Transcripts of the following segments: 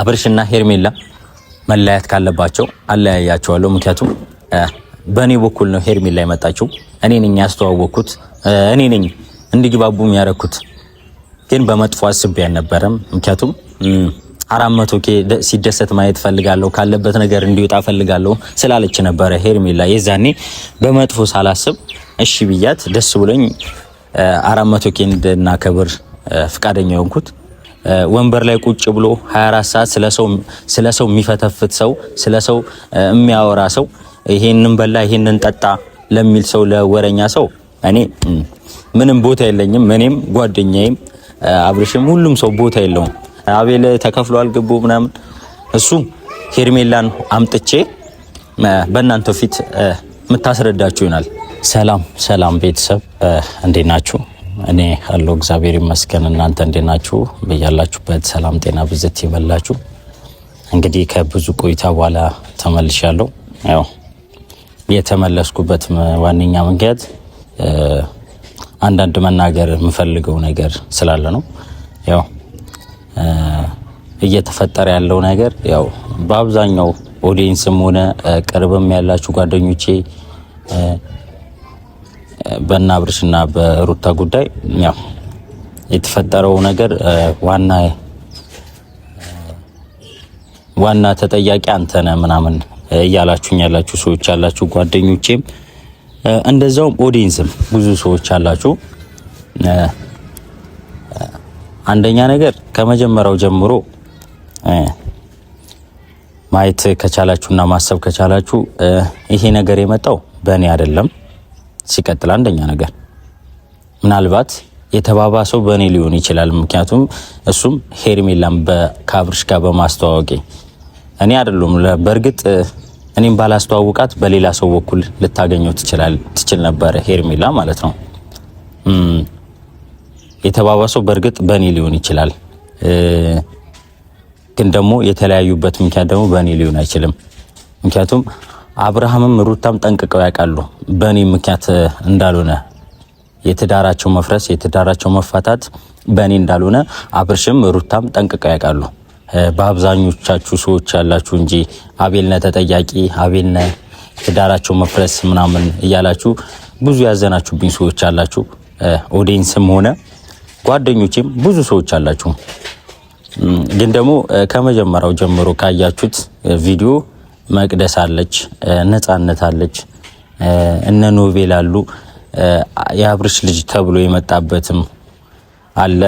አብርሽና ሄርሜላ መለያየት ካለባቸው አለያያቸዋለሁ። ምክንያቱም በእኔ በኩል ነው ሄርሜላ የመጣችው። እኔ ነኝ ያስተዋወቅኩት፣ እኔ ነኝ እንዲግባቡ የሚያረኩት። ግን በመጥፎ አስቤ አልነበረም። ምክንያቱም አራት መቶ ኬ ሲደሰት ማየት ፈልጋለሁ፣ ካለበት ነገር እንዲወጣ ፈልጋለሁ ስላለች ነበረ ሄርሜላ። የዛኔ በመጥፎ ሳላስብ እሺ ብያት ደስ ብሎኝ አራት መቶ ኬ እንድናከብር ፍቃደኛ የሆንኩት ወንበር ላይ ቁጭ ብሎ 24 ሰዓት ስለ ሰው የሚፈተፍት ሰው፣ ስለ ሰው የሚያወራ ሰው፣ ይሄንን በላ ይሄንን ጠጣ ለሚል ሰው፣ ለወረኛ ሰው እኔ ምንም ቦታ የለኝም። እኔም ጓደኛዬም አብርሽም ሁሉም ሰው ቦታ የለውም። አቤል ተከፍሏል ግቡ ምናምን እሱ ሄርሜላን አምጥቼ በእናንተ ፊት የምታስረዳችሁ ይሆናል። ሰላም ሰላም ቤተሰብ እንዴት ናችሁ? እኔ አለው እግዚአብሔር ይመስገን። እናንተ እንዴት ናችሁ? በያላችሁበት ሰላም ጤና ብዝት ይበላችሁ። እንግዲህ ከብዙ ቆይታ በኋላ ተመልሻለሁ። ያው የተመለስኩበት ዋነኛ ምክንያት አንዳንድ መናገር የምፈልገው ነገር ስላለ ነው። ያው እየተፈጠረ ያለው ነገር ያው በአብዛኛው ኦዲየንስም ሆነ ቅርብም ያላችሁ ጓደኞቼ በእነ በሩታ ጉዳይ ያው የተፈጠረው ነገር ዋና ዋና ተጠያቂ አንተ ነህ ምናምን እያላችሁኝ ያላችሁ ሰዎች አላችሁ፣ ጓደኞቼም እንደዛውም ኦዲንስም ብዙ ሰዎች አላችሁ። አንደኛ ነገር ከመጀመሪያው ጀምሮ ማየት ከቻላችሁና ማሰብ ከቻላችሁ ይሄ ነገር የመጣው በእኔ አይደለም። ሲቀጥል አንደኛ ነገር ምናልባት የተባባሰው በእኔ ሊሆን ይችላል። ምክንያቱም እሱም ሄርሜላም ከአብርሽ ጋር በማስተዋወቂ እኔ አይደሉም። በእርግጥ እኔም ባላስተዋውቃት በሌላ ሰው በኩል ልታገኘው ትችል ነበረ ሄርሜላ ማለት ነው። የተባባሰው በእርግጥ በእኔ ሊሆን ይችላል፣ ግን ደግሞ የተለያዩበት ምክንያት ደግሞ በእኔ ሊሆን አይችልም። ምክንያቱም አብርሃምም ሩታም ጠንቅቀው ያውቃሉ በእኔ ምክንያት እንዳልሆነ የትዳራቸው መፍረስ የትዳራቸው መፋታት በእኔ እንዳልሆነ አብርሽም ሩታም ጠንቅቀው ያውቃሉ። በአብዛኞቻችሁ ሰዎች ያላችሁ እንጂ አቤልነ ተጠያቂ አቤልነ ትዳራቸው መፍረስ ምናምን እያላችሁ ብዙ ያዘናችሁብኝ ሰዎች አላችሁ። ኦዲየንስም ሆነ ጓደኞቼም ብዙ ሰዎች አላችሁ። ግን ደግሞ ከመጀመሪያው ጀምሮ ካያችሁት ቪዲዮ መቅደስ አለች፣ ነጻነት አለች፣ እነ ኖቬል አሉ። የአብርሽ ልጅ ተብሎ የመጣበትም አለ።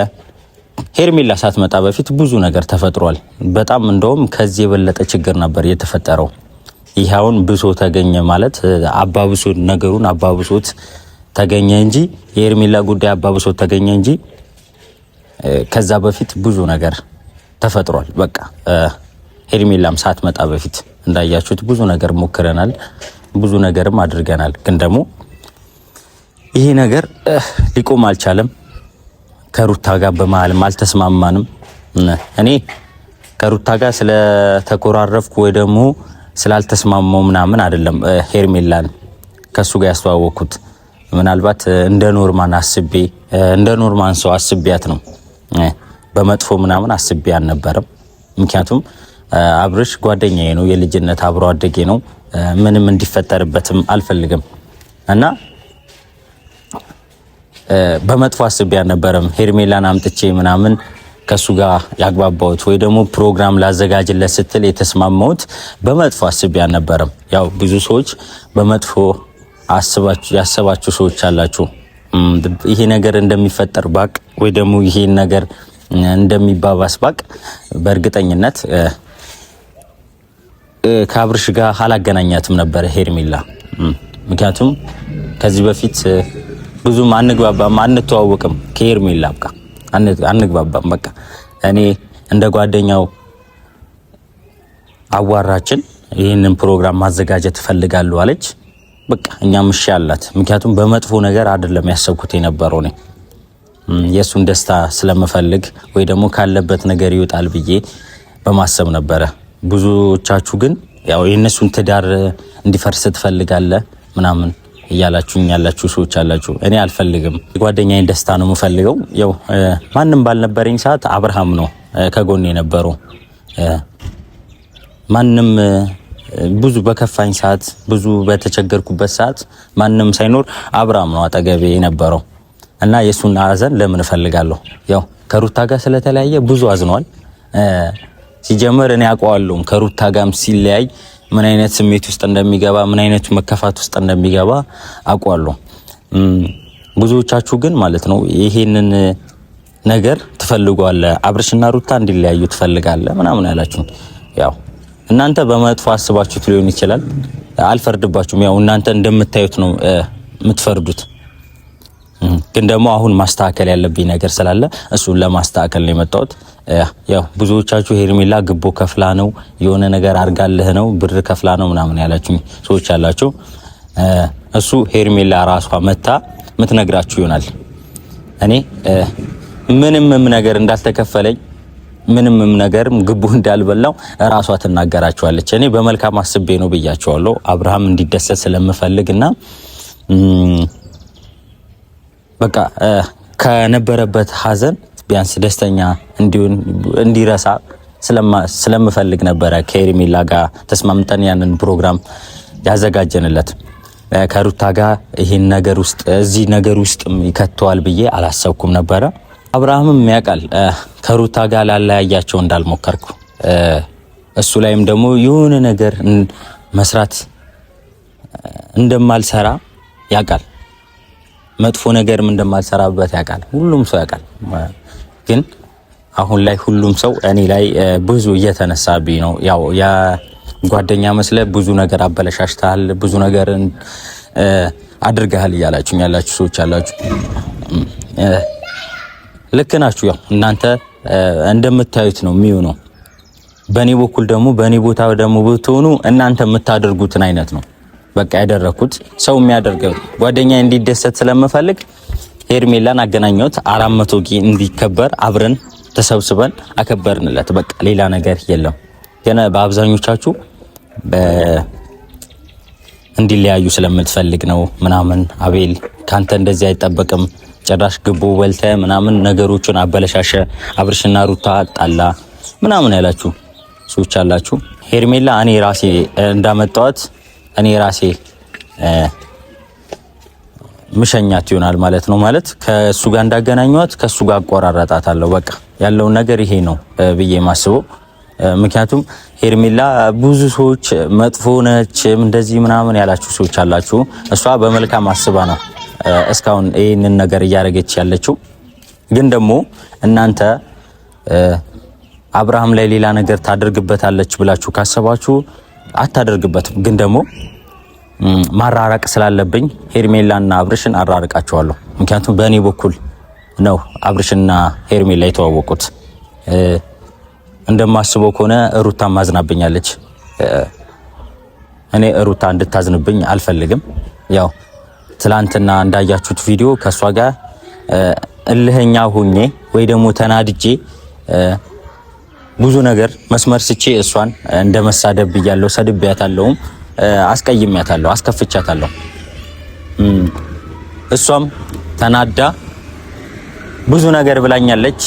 ሄርሜላ ሳትመጣ በፊት ብዙ ነገር ተፈጥሯል። በጣም እንደውም ከዚህ የበለጠ ችግር ነበር የተፈጠረው። ይኸውን ብሶ ተገኘ ማለት አባብሶ ነገሩን አባብሶት ተገኘ እንጂ የሄርሜላ ጉዳይ አባብሶት ተገኘ እንጂ ከዛ በፊት ብዙ ነገር ተፈጥሯል። በቃ ሄርሜላም ሳትመጣ በፊት እንዳያችሁት ብዙ ነገር ሞክረናል፣ ብዙ ነገርም አድርገናል። ግን ደግሞ ይሄ ነገር ሊቆም አልቻለም። ከሩታ ጋር በመሀልም አልተስማማንም። እኔ ከሩታ ጋር ስለተኮራረፍኩ ወይ ደግሞ ስላልተስማማው ምናምን አይደለም ሄርሜላን ከሱ ጋር ያስተዋወቅኩት ምናልባት እንደ ኖርማን አስቤ እንደ ኖርማን ሰው አስቤያት ነው። በመጥፎ ምናምን አስቤ አልነበረም። ምክንያቱም አብርሽ ጓደኛዬ ነው፣ የልጅነት አብሮ አደጌ ነው። ምንም እንዲፈጠርበትም አልፈልግም እና በመጥፎ አስቤ አልነበረም ሄርሜላን አምጥቼ ምናምን ከሱ ጋር ያግባባሁት ወይ ደግሞ ፕሮግራም ላዘጋጅለት ስትል የተስማማሁት በመጥፎ አስቤ አልነበረም። ያው ብዙ ሰዎች በመጥፎ ያሰባችሁ ሰዎች አላችሁ። ይሄ ነገር እንደሚፈጠር ባቅ ወይ ደግሞ ይሄን ነገር እንደሚባባስ ባቅ በእርግጠኝነት ከአብርሽ ጋር አላገናኛትም ነበረ ሄርሜላ። ምክንያቱም ከዚህ በፊት ብዙም አንግባባም፣ አንተዋወቅም። ከሄርሜላ በቃ አንግባባም። በቃ እኔ እንደ ጓደኛው አዋራችን ይህንን ፕሮግራም ማዘጋጀት እፈልጋለሁ አለች። በቃ እኛም እሺ አላት። ምክንያቱም በመጥፎ ነገር አይደለም ያሰብኩት የነበረው እኔ የእሱን ደስታ ስለምፈልግ ወይ ደግሞ ካለበት ነገር ይወጣል ብዬ በማሰብ ነበረ ብዙዎቻችሁ ግን ያው የእነሱን ትዳር እንዲፈርስ ትፈልጋለህ ምናምን እያላችሁ ያላችሁ ሰዎች አላችሁ። እኔ አልፈልግም። የጓደኛዬን ደስታ ነው የምፈልገው። ያው ማንም ባልነበረኝ ሰዓት አብርሃም ነው ከጎን የነበረው። ማንም ብዙ በከፋኝ ሰዓት፣ ብዙ በተቸገርኩበት ሰዓት ማንም ሳይኖር አብርሃም ነው አጠገቤ የነበረው እና የእሱን ሀዘን ለምን እፈልጋለሁ? ያው ከሩታ ጋር ስለተለያየ ብዙ አዝኗል። ሲጀመር እኔ አውቀዋለሁም ከሩታ ጋም ሲለያይ ምን አይነት ስሜት ውስጥ እንደሚገባ ምን አይነት መከፋት ውስጥ እንደሚገባ አውቀዋለሁ። ብዙዎቻችሁ ግን ማለት ነው ይሄንን ነገር ትፈልጓለ አብርሽና ሩታ እንዲለያዩ ትፈልጋለ ምናምን ያላችሁ ያው እናንተ በመጥፎ አስባችሁት ሊሆን ይችላል። አልፈርድባችሁም። ያው እናንተ እንደምታዩት ነው የምትፈርዱት። ግን ደግሞ አሁን ማስተካከል ያለብኝ ነገር ስላለ እሱን ለማስተካከል ነው የመጣሁት። ያው ብዙዎቻችሁ ሄርሜላ ግቦ ከፍላ ነው የሆነ ነገር አድርጋልህ ነው ብር ከፍላ ነው ምናምን ያላችሁ ሰዎች አላችሁ። እሱ ሄርሜላ ራሷ መታ ምትነግራችሁ ይሆናል። እኔ ምንምም ነገር እንዳልተከፈለኝ ምንምም ነገር ግቡ እንዳልበላው ራሷ ትናገራችኋለች። እኔ በመልካም አስቤ ነው ብያችኋለሁ። አብርሃም እንዲደሰት ስለምፈልግ እና በቃ ከነበረበት ሀዘን ቢያንስ ደስተኛ እንዲሁን እንዲረሳ ስለምፈልግ ነበረ ከኤርሜላ ጋር ተስማምጠን ያንን ፕሮግራም ያዘጋጀንለት። ከሩታ ጋር ይህን ነገር ውስጥ እዚህ ነገር ውስጥ ይከተዋል ብዬ አላሰብኩም ነበረ። አብርሃምም ያውቃል ከሩታ ጋር ላለያያቸው እንዳልሞከርኩ እሱ ላይም ደግሞ የሆነ ነገር መስራት እንደማልሰራ ያውቃል። መጥፎ ነገርም እንደማልሰራበት ያውቃል፣ ሁሉም ሰው ያውቃል። ግን አሁን ላይ ሁሉም ሰው እኔ ላይ ብዙ እየተነሳብኝ ነው። ያው ጓደኛ መስለ ብዙ ነገር አበለሻሽታል፣ ብዙ ነገር አድርገሃል እያላችሁ ያላችሁ ሰዎች አላችሁ። ልክ ናችሁ። ያው እናንተ እንደምታዩት ነው የሚሆነው። በእኔ በኩል ደግሞ በእኔ ቦታ ደግሞ ብትሆኑ እናንተ የምታደርጉትን አይነት ነው በቃ ያደረኩት ሰው የሚያደርገው ጓደኛ እንዲደሰት ስለምፈልግ ሄርሜላን አገናኘሁት። አራት መቶ እንዲከበር አብረን ተሰብስበን አከበርንለት። በቃ ሌላ ነገር የለም። ግን በአብዛኞቻችሁ እንዲለያዩ ስለምትፈልግ ነው ምናምን። አቤል ካንተ እንደዚህ አይጠበቅም። ጭራሽ ግቦ በልተ ምናምን ነገሮቹን አበለሻሸ፣ አብርሽና ሩታ ጣላ ምናምን ያላችሁ ሰዎች አላችሁ። ሄርሜላ እኔ ራሴ እንዳመጣዋት እኔ ራሴ ምሸኛት ይሆናል ማለት ነው። ማለት ከእሱ ጋር እንዳገናኘዋት ከእሱ ጋር አቆራረጣታለሁ። በቃ ያለውን ነገር ይሄ ነው ብዬ ማስበው። ምክንያቱም ሄርሜላ ብዙ ሰዎች መጥፎ ነች እንደዚህ ምናምን ያላችሁ ሰዎች አላችሁ። እሷ በመልካም አስባ ነው እስካሁን ይህንን ነገር እያደረገች ያለችው። ግን ደግሞ እናንተ አብርሃም ላይ ሌላ ነገር ታደርግበታለች ብላችሁ ካሰባችሁ አታደርግበትም። ግን ደግሞ ማራራቅ ስላለብኝ ሄርሜላና አብርሽን አራርቃቸዋለሁ። ምክንያቱም በእኔ በኩል ነው አብርሽና ሄርሜላ የተዋወቁት። እንደማስበው ከሆነ ሩታ ማዝናብኛለች። እኔ ሩታ እንድታዝንብኝ አልፈልግም። ያው ትላንትና እንዳያችሁት ቪዲዮ ከእሷ ጋር እልህኛ ሁኜ ወይ ደግሞ ተናድጄ ብዙ ነገር መስመር ስቼ እሷን እንደመሳደብ ብያለሁ፣ ሰድቤያታለሁም አስቀይሜያታለሁ፣ አስከፍቻታለሁ። እሷም ተናዳ ብዙ ነገር ብላኛለች፣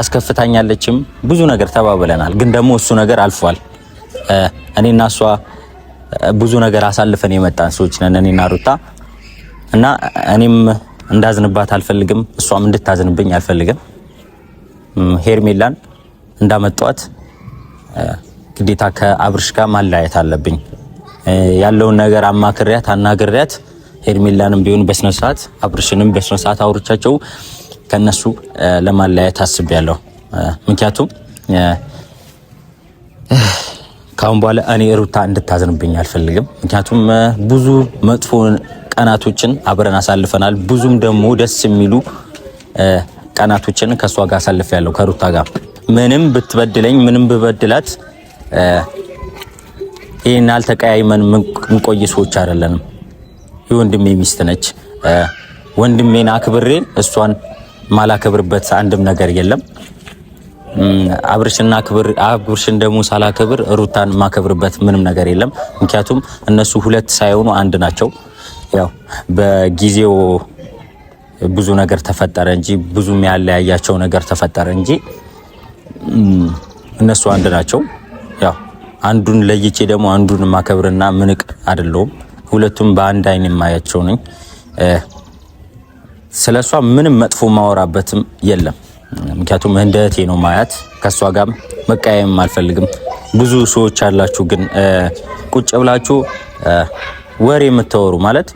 አስከፍታኛለችም። ብዙ ነገር ተባብለናል። ግን ደግሞ እሱ ነገር አልፏል። እኔና እሷ ብዙ ነገር አሳልፈን የመጣን ሰዎች ነን እኔና ሩታ እና እኔም እንዳዝንባት አልፈልግም፣ እሷም እንድታዝንብኝ አልፈልግም። ሄርሜላን እንዳመጣዋት ግዴታ ከአብርሽ ጋር ማለያየት አለብኝ። ያለውን ነገር አማክሪያት አናግሪያት፣ ሄርሜላንም ቢሆን በስነ ስርዓት አብርሽንም በስነ ስርዓት አውርቻቸው ከነሱ ለማለያየት አስቤያለሁ። ምክንያቱም ካሁን በኋላ እኔ ሩታ እንድታዝንብኝ አልፈልግም። ምክንያቱም ብዙ መጥፎ ቀናቶችን አብረን አሳልፈናል። ብዙም ደግሞ ደስ የሚሉ ቀናቶችን ከእሷ ጋር አሳልፍ ያለው ከሩታ ጋር ምንም ብትበድለኝ ምንም ብበድላት ይህን አልተቀያይመን ምንቆይ ሰዎች አይደለንም። የወንድሜ ሚስት ነች። ወንድሜን አክብሬ እሷን ማላከብርበት አንድም ነገር የለም። አብርሽና ክብር አብርሽን ደግሞ ሳላከብር ሩታን ማከብርበት ምንም ነገር የለም። ምክንያቱም እነሱ ሁለት ሳይሆኑ አንድ ናቸው። ያው በጊዜው ብዙ ነገር ተፈጠረ እንጂ ብዙ ያለያያቸው ነገር ተፈጠረ እንጂ እነሱ አንድ ናቸው። አንዱን ለይቼ ደግሞ አንዱን ማከብርና ምንቅ አይደለሁም። ሁለቱም በአንድ አይን የማያቸው ነኝ። ስለ እሷ ምንም መጥፎ ማወራበትም የለም። ምክንያቱም እንደ እህቴ ነው ማያት። ከእሷ ጋር መቀያየም አልፈልግም። ብዙ ሰዎች አላችሁ፣ ግን ቁጭ ብላችሁ ወሬ የምታወሩ ማለት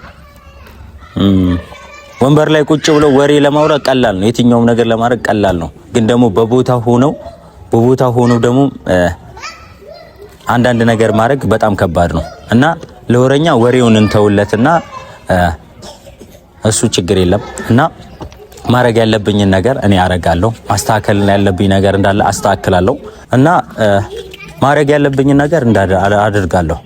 ወንበር ላይ ቁጭ ብለው ወሬ ለማውራት ቀላል ነው። የትኛውም ነገር ለማድረግ ቀላል ነው። ግን ደግሞ በቦታ ሆነው በቦታ ሆነው ደግሞ አንዳንድ ነገር ማድረግ በጣም ከባድ ነው እና ለወሬኛ ወሬውን እንተውለትና እሱ ችግር የለም እና ማድረግ ያለብኝን ነገር እኔ አረጋለሁ። ማስተካከል ያለብኝ ነገር እንዳለ አስተካክላለሁ እና ማድረግ ያለብኝን ነገር እንዳደርጋለሁ።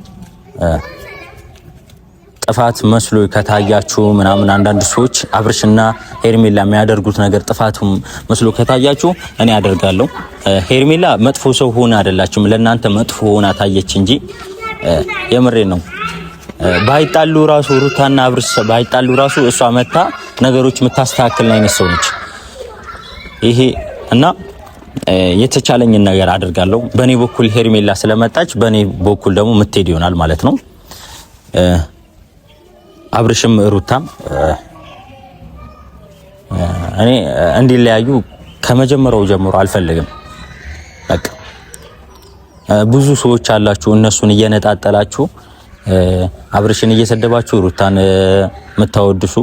ጥፋት መስሎ ከታያችሁ ምናምን አንዳንድ ሰዎች አብርሽና ሄርሜላ የሚያደርጉት ነገር ጥፋት መስሎ ከታያችሁ እኔ አደርጋለሁ። ሄርሜላ መጥፎ ሰው ሆና አይደላችሁም፣ ለእናንተ መጥፎ ሆና ታየች እንጂ የምሬ ነው። ባይጣሉ ራሱ ሩታና አብርሽ ባይጣሉ ራሱ እሷ መታ ነገሮች የምታስተካክል አይነት ሰው ነች። ይሄ እና የተቻለኝን ነገር አደርጋለሁ። በእኔ በኩል ሄርሜላ ስለመጣች በእኔ በኩል ደግሞ ምትሄድ ይሆናል ማለት ነው። አብርሽም ሩታም እኔ እንዲለያዩ ከመጀመሪያው ጀምሮ አልፈልግም። በቃ ብዙ ሰዎች አላችሁ፣ እነሱን እየነጣጠላችሁ አብርሽን እየሰደባችሁ ሩታን የምታወድሱ፣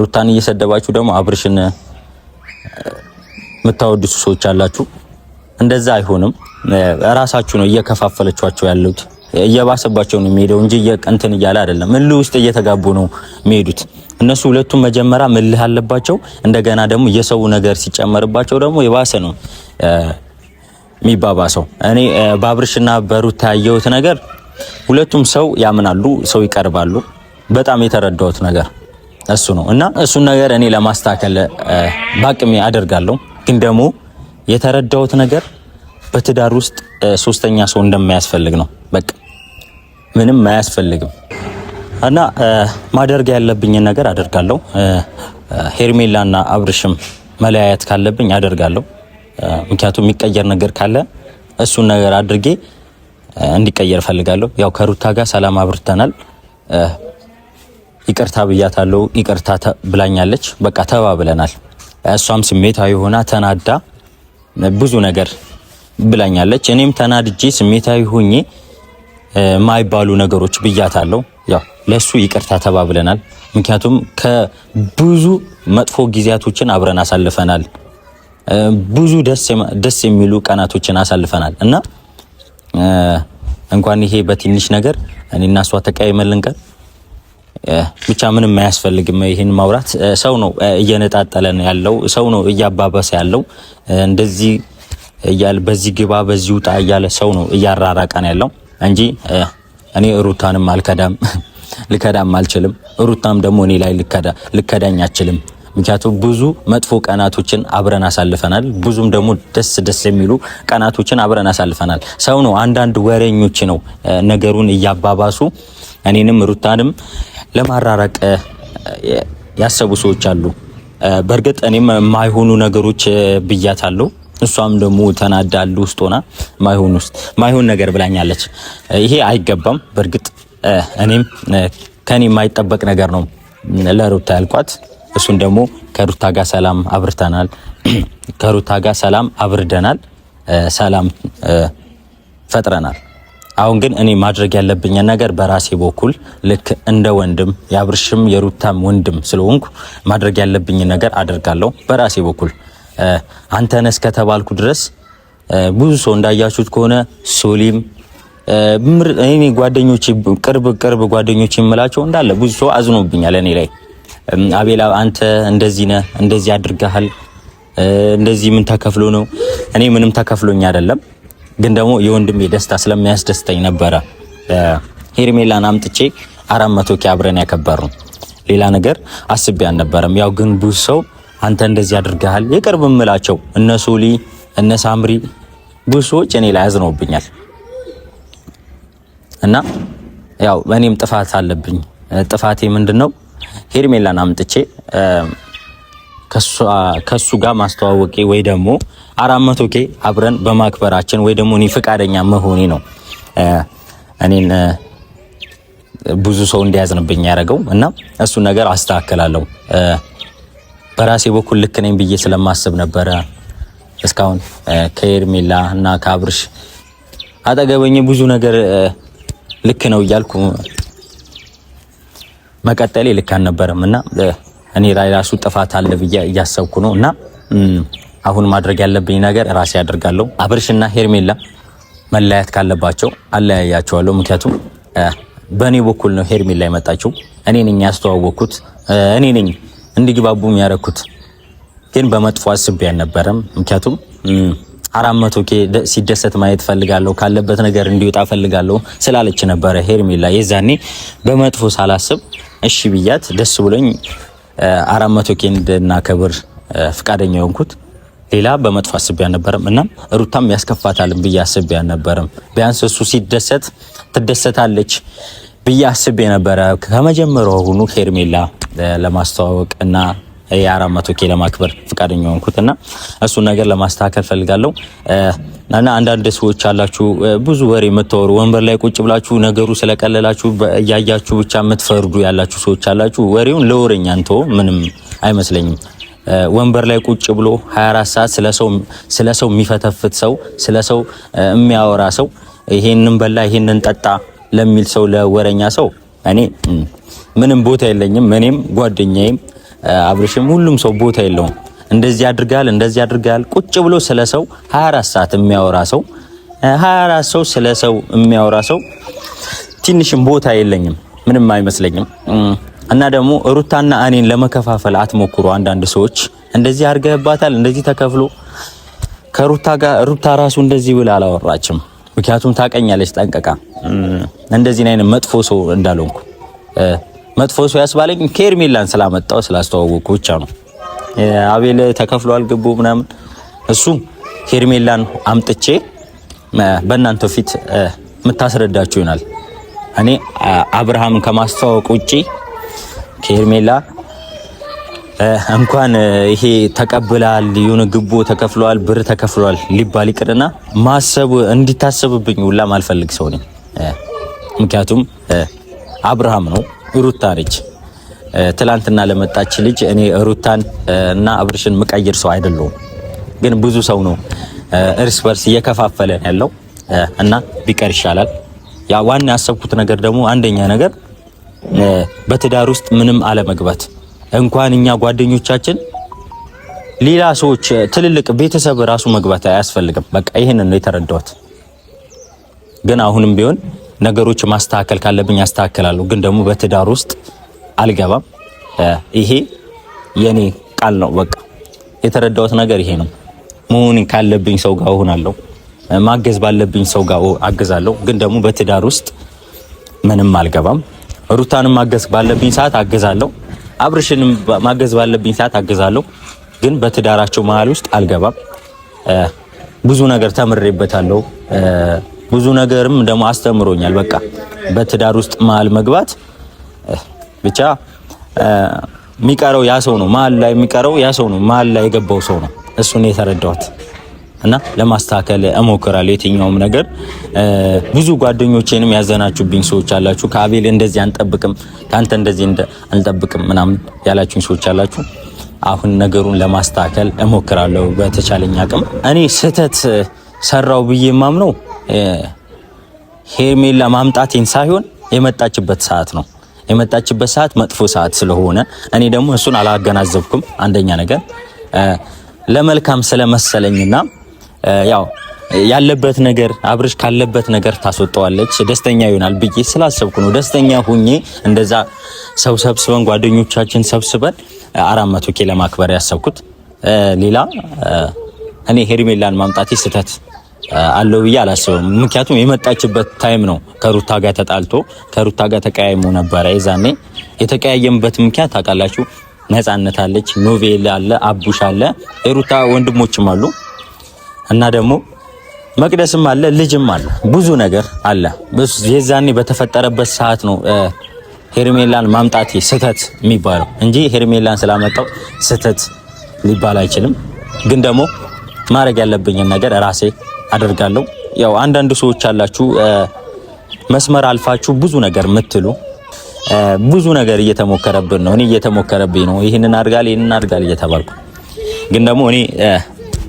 ሩታን እየሰደባችሁ ደግሞ አብርሽን የምታወድሱ ሰዎች አላችሁ። እንደዛ አይሆንም። ራሳችሁ ነው እየከፋፈለችኋቸው ያሉት። እየባሰባቸው ነው የሚሄደው እንጂ እንትን እያለ አይደለም። እልህ ውስጥ እየተጋቡ ነው የሚሄዱት እነሱ ሁለቱም። መጀመሪያ እልህ አለባቸው። እንደገና ደግሞ የሰው ነገር ሲጨመርባቸው ደግሞ የባሰ ነው የሚባባሰው። እኔ በአብርሽና በሩት ያየሁት ነገር ሁለቱም ሰው ያምናሉ፣ ሰው ይቀርባሉ። በጣም የተረዳሁት ነገር እሱ ነው እና እሱን ነገር እኔ ለማስተካከል ባቅሜ አደርጋለሁ። ግን ደግሞ የተረዳሁት ነገር በትዳር ውስጥ ሶስተኛ ሰው እንደማያስፈልግ ነው። በቃ ምንም አያስፈልግም። እና ማደርግ ያለብኝን ነገር አደርጋለሁ። ሄርሜላና አብርሽም መለያየት ካለብኝ አደርጋለሁ። ምክንያቱም የሚቀየር ነገር ካለ እሱን ነገር አድርጌ እንዲቀየር ፈልጋለሁ። ያው ከሩታ ጋር ሰላም አብርተናል። ይቅርታ ብያታለሁ። ይቅርታ ብላኛለች። በቃ ተባብለናል። እሷም ስሜታዊ ሆና ተናዳ ብዙ ነገር ብላኛለች። እኔም ተናድጄ ስሜታዊ ሆኜ ማይባሉ ነገሮች ብያታለሁ። ያው ለሱ ይቅርታ ተባብለናል። ምክንያቱም ከብዙ መጥፎ ጊዜያቶችን አብረን አሳልፈናል። ብዙ ደስ የሚሉ ቀናቶችን አሳልፈናል እና እንኳን ይሄ በትንሽ ነገር እኔና እሷ ተቀያይመልን ቀን ብቻ ምንም አያስፈልግም። ይህን ማውራት ሰው ነው እየነጣጠለን ያለው ሰው ነው እያባበሰ ያለው እንደዚህ እያለ በዚህ ግባ በዚህ ውጣ እያለ ሰው ነው እያራራቀን ያለው እንጂ እኔ ሩታንም አልከዳም ልከዳም አልችልም። ሩታም ደግሞ እኔ ላይ ልከዳኝ አችልም። ምክንያቱም ብዙ መጥፎ ቀናቶችን አብረን አሳልፈናል። ብዙም ደግሞ ደስ ደስ የሚሉ ቀናቶችን አብረን አሳልፈናል። ሰው ነው አንዳንድ ወሬኞች ነው ነገሩን እያባባሱ እኔንም ሩታንም ለማራረቅ ያሰቡ ሰዎች አሉ። በእርግጥ እኔም የማይሆኑ ነገሮች ብያታለሁ። እሷም ደግሞ ተናዳሉ ውስጥ ሆና ማይሆን ውስጥ ማይሆን ነገር ብላኛለች። ይሄ አይገባም። በእርግጥ እኔም ከኔ የማይጠበቅ ነገር ነው ለሩታ ያልኳት። እሱን ደግሞ ከሩታ ጋር ሰላም አብርተናል። ከሩታ ጋር ሰላም አብርደናል፣ ሰላም ፈጥረናል። አሁን ግን እኔ ማድረግ ያለብኝ ነገር በራሴ በኩል ልክ እንደ ወንድም የአብርሽም የሩታም ወንድም ስለሆንኩ ማድረግ ያለብኝ ነገር አደርጋለሁ በራሴ በኩል አንተነህ እስከተባልኩ ድረስ ብዙ ሰው እንዳያችሁት ከሆነ ሶሊም እኔ ጓደኞቼ ቅርብ ቅርብ ጓደኞቼ የምላቸው እንዳለ ብዙ ሰው አዝኖብኛል እኔ ላይ አቤላ አንተ እንደዚህ ነህ፣ እንደዚህ አድርገሃል፣ እንደዚህ ምን ተከፍሎ ነው? እኔ ምንም ተከፍሎኝ አይደለም፣ ግን ደግሞ የወንድሜ ደስታ ስለሚያስደስተኝ ነበረ ሄርሜላን አምጥቼ አራት መቶ ኪ አብረን ያከበር ሌላ ነገር አስቤ አልነበረም። ያው ግን ብዙ ሰው አንተ እንደዚህ አድርገሃል። የቅርብ ምላቸው እነ ሶሊ እነ ሳምሪ ብዙ ሰዎች እኔ ላይ አዝነውብኛል እና ያው እኔም ጥፋት አለብኝ። ጥፋቴ ምንድነው? ሄርሜላን አምጥቼ ከሱ ጋር ማስተዋወቄ ወይ ደግሞ አራት መቶ ኬ አብረን በማክበራችን ወይ ደግሞ እኔ ፈቃደኛ መሆኔ ነው እኔን ብዙ ሰው እንዲያዝንብኝ ያደረገው እና እሱን ነገር አስተካክላለሁ። በራሴ በኩል ልክ ነኝ ብዬ ስለማስብ ነበረ እስካሁን ከኤርሜላ እና ከአብርሽ አጠገበኝ ብዙ ነገር ልክ ነው እያልኩ መቀጠሌ ልክ አልነበረም እና እኔ ላይ ራሱ ጥፋት አለ ብዬ እያሰብኩ ነው እና አሁን ማድረግ ያለብኝ ነገር ራሴ አደርጋለሁ። አብርሽና ሄርሜላ መለያየት ካለባቸው አለያያቸዋለሁ። ምክንያቱም በእኔ በኩል ነው ሄርሜላ የመጣችው። እኔ ነኝ ያስተዋወቅኩት እኔ ነኝ እንዲግባቡ የሚያረኩት ግን በመጥፎ አስቤ አልነበረም። ምክንያቱም አራት መቶ ኬ ሲደሰት ማየት ፈልጋለሁ፣ ካለበት ነገር እንዲወጣ ፈልጋለሁ ስላለች ነበረ ሄርሜላ የዛኔ በመጥፎ ሳላስብ እሺ ብያት ደስ ብሎኝ አራት መቶ ኬ እንድናከብር ፍቃደኛ የሆንኩት ሌላ በመጥፎ አስቤ አልነበረም። እናም ሩታም ያስከፋታል ብዬ አስቤ አልነበረም። ቢያንስ እሱ ሲደሰት ትደሰታለች ብዬ አስቤ ነበረ። ከመጀመሩ ሆኑ ሄርሜላ ለማስተዋወቅ እና የአራት መቶ ኬ ለማክበር ፍቃደኛ ሆንኩት እና እሱን ነገር ለማስተካከል ፈልጋለሁ እና አንዳንድ ሰዎች አላችሁ ብዙ ወሬ የምታወሩ ወንበር ላይ ቁጭ ብላችሁ ነገሩ ስለቀለላችሁ እያያችሁ ብቻ የምትፈርዱ ያላችሁ ሰዎች አላችሁ። ወሬውን ለወሬኛ እንቶ ምንም አይመስለኝም። ወንበር ላይ ቁጭ ብሎ 24 ሰዓት ስለ ሰው የሚፈተፍት ሰው፣ ስለ ሰው የሚያወራ ሰው ይሄንን በላ ይሄንን ጠጣ ለሚል ሰው ለወረኛ ሰው እኔ ምንም ቦታ የለኝም። እኔም ጓደኛዬም አብርሽም ሁሉም ሰው ቦታ የለውም። እንደዚህ አድርጋል እንደዚህ አድርጋል ቁጭ ብሎ ስለ ሰው 24 ሰዓት የሚያወራ ሰው 24 ሰው ስለ ሰው የሚያወራ ሰው ትንሽም ቦታ የለኝም። ምንም አይመስለኝም። እና ደግሞ ሩታና እኔን ለመከፋፈል አትሞክሩ። አንዳንድ ሰዎች እንደዚህ አድርገህባታል እንደዚህ ተከፍሎ ከሩታ ጋር ሩታ ራሱ እንደዚህ ብላ አላወራችም። ምክንያቱም ታቀኛለች ጠንቀቃ እንደዚህ አይነት መጥፎ ሰው እንዳልሆንኩ መጥፎ ሰው ያስባለኝ ከኤርሜላን ስላመጣው ስላስተዋወቁ ብቻ ነው። አቤል ተከፍሎ አልገቡ ምናምን እሱ ሄርሜላን አምጥቼ በእናንተ ፊት የምታስረዳችሁ ይሆናል። እኔ አብርሃምን ከማስተዋወቅ ውጪ ከሄርሜላ እንኳን ይሄ ተቀብላል የሆነ ግቦ ተከፍሏል ብር ተከፍሏል ሊባል ይቅርና ማሰብ እንዲታሰብብኝ ሁላም አልፈልግ ሰው ነኝ። ምክንያቱም አብርሃም ነው ሩታ ነች። ትላንትና ለመጣች ልጅ እኔ ሩታን እና አብርሽን ምቀይር ሰው አይደለሁም። ግን ብዙ ሰው ነው እርስ በርስ እየከፋፈለ ያለው እና ቢቀር ይሻላል። ያ ዋና ያሰብኩት ነገር ደግሞ አንደኛ ነገር በትዳር ውስጥ ምንም አለመግባት እንኳን እኛ ጓደኞቻችን ሌላ ሰዎች ትልልቅ ቤተሰብ ራሱ መግባት አያስፈልግም። በቃ ይሄን ነው የተረዳሁት። ግን አሁንም ቢሆን ነገሮች ማስተካከል ካለብኝ አስተካከላለሁ። ግን ደግሞ በትዳር ውስጥ አልገባም። ይሄ የኔ ቃል ነው። በቃ የተረዳሁት ነገር ይሄ ነው። መሆን ካለብኝ ሰው ጋር እሆናለሁ፣ ማገዝ ባለብኝ ሰው ጋር አግዛለሁ። ግን ደግሞ በትዳር ውስጥ ምንም አልገባም። ሩታንም ማገዝ ባለብኝ ሰዓት አግዛለሁ። አብርሽንም ማገዝ ባለብኝ ሰዓት አገዛለሁ፣ ግን በትዳራቸው መሀል ውስጥ አልገባም። ብዙ ነገር ተምሬበታለሁ። ብዙ ነገርም ደግሞ አስተምሮኛል። በቃ በትዳር ውስጥ መሀል መግባት ብቻ የሚቀረው ያ ሰው ነው። መሀል ላይ የሚቀረው ያ ሰው ነው። መሀል ላይ የገባው ሰው ነው። እሱን የተረዳሁት እና ለማስተካከል እሞክራለሁ። የትኛውም ነገር ብዙ ጓደኞቼንም ያዘናችሁብኝ ሰዎች አላችሁ። ከአቤል እንደዚህ አንጠብቅም፣ ከአንተ እንደዚህ አንጠብቅም ምናምን ያላችሁኝ ሰዎች አላችሁ። አሁን ነገሩን ለማስተካከል እሞክራለሁ በተቻለኝ አቅም። እኔ ስህተት ሰራው ብዬ የማምነው ሄርሜላ ማምጣቴን ሳይሆን የመጣችበት ሰዓት ነው። የመጣችበት ሰዓት መጥፎ ሰዓት ስለሆነ እኔ ደግሞ እሱን አላገናዘብኩም። አንደኛ ነገር ለመልካም ስለመሰለኝና ያው ያለበት ነገር አብርሽ ካለበት ነገር ታስወጣዋለች፣ ደስተኛ ይሆናል ብዬ ስላሰብኩ ነው። ደስተኛ ሁኜ እንደዛ ሰው ሰብስበን ጓደኞቻችን ሰብስበን አራት መቶ ኬ ለማክበር ያሰብኩት። ሌላ እኔ ሄርሜላን ማምጣቴ ስህተት አለው ብዬ አላስብም። ምክንያቱም የመጣችበት ታይም ነው ከሩታ ጋር ተጣልቶ ከሩታ ጋር ተቀያይሞ ነበረ። የዛኔ የተቀያየምበት ምክንያት ታውቃላችሁ። ነፃነት አለች፣ ኖቬል አለ፣ አቡሽ አለ፣ የሩታ ወንድሞችም አሉ እና ደግሞ መቅደስም አለ ልጅም አለ ብዙ ነገር አለ። የዛኔ በተፈጠረበት ሰዓት ነው ሄርሜላን ማምጣት ስህተት የሚባለው እንጂ ሄርሜላን ስላመጣው ስህተት ሊባል አይችልም። ግን ደግሞ ማድረግ ያለብኝን ነገር ራሴ አደርጋለሁ። ያው አንዳንድ ሰዎች አላችሁ መስመር አልፋችሁ ብዙ ነገር ምትሉ ብዙ ነገር እየተሞከረብን ነው። እኔ እየተሞከረብኝ ነው። ይህንን አድርጋል፣ ይህንን አድርጋል እየተባልኩ ግን ደግሞ እኔ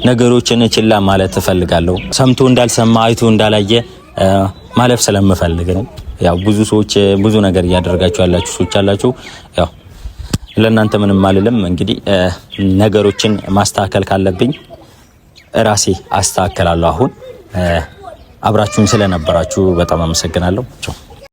ነገሮችን ችላ ማለት እፈልጋለሁ። ሰምቶ እንዳልሰማ አይቶ እንዳላየ ማለፍ ስለምፈልግ ነው። ያው ብዙ ሰዎች ብዙ ነገር እያደረጋችሁ ያላችሁ ሰዎች አላችሁ። ያው ለእናንተ ምንም አልልም። እንግዲህ ነገሮችን ማስተካከል ካለብኝ ራሴ አስተካከላለሁ። አሁን አብራችሁን ስለነበራችሁ በጣም አመሰግናለሁ።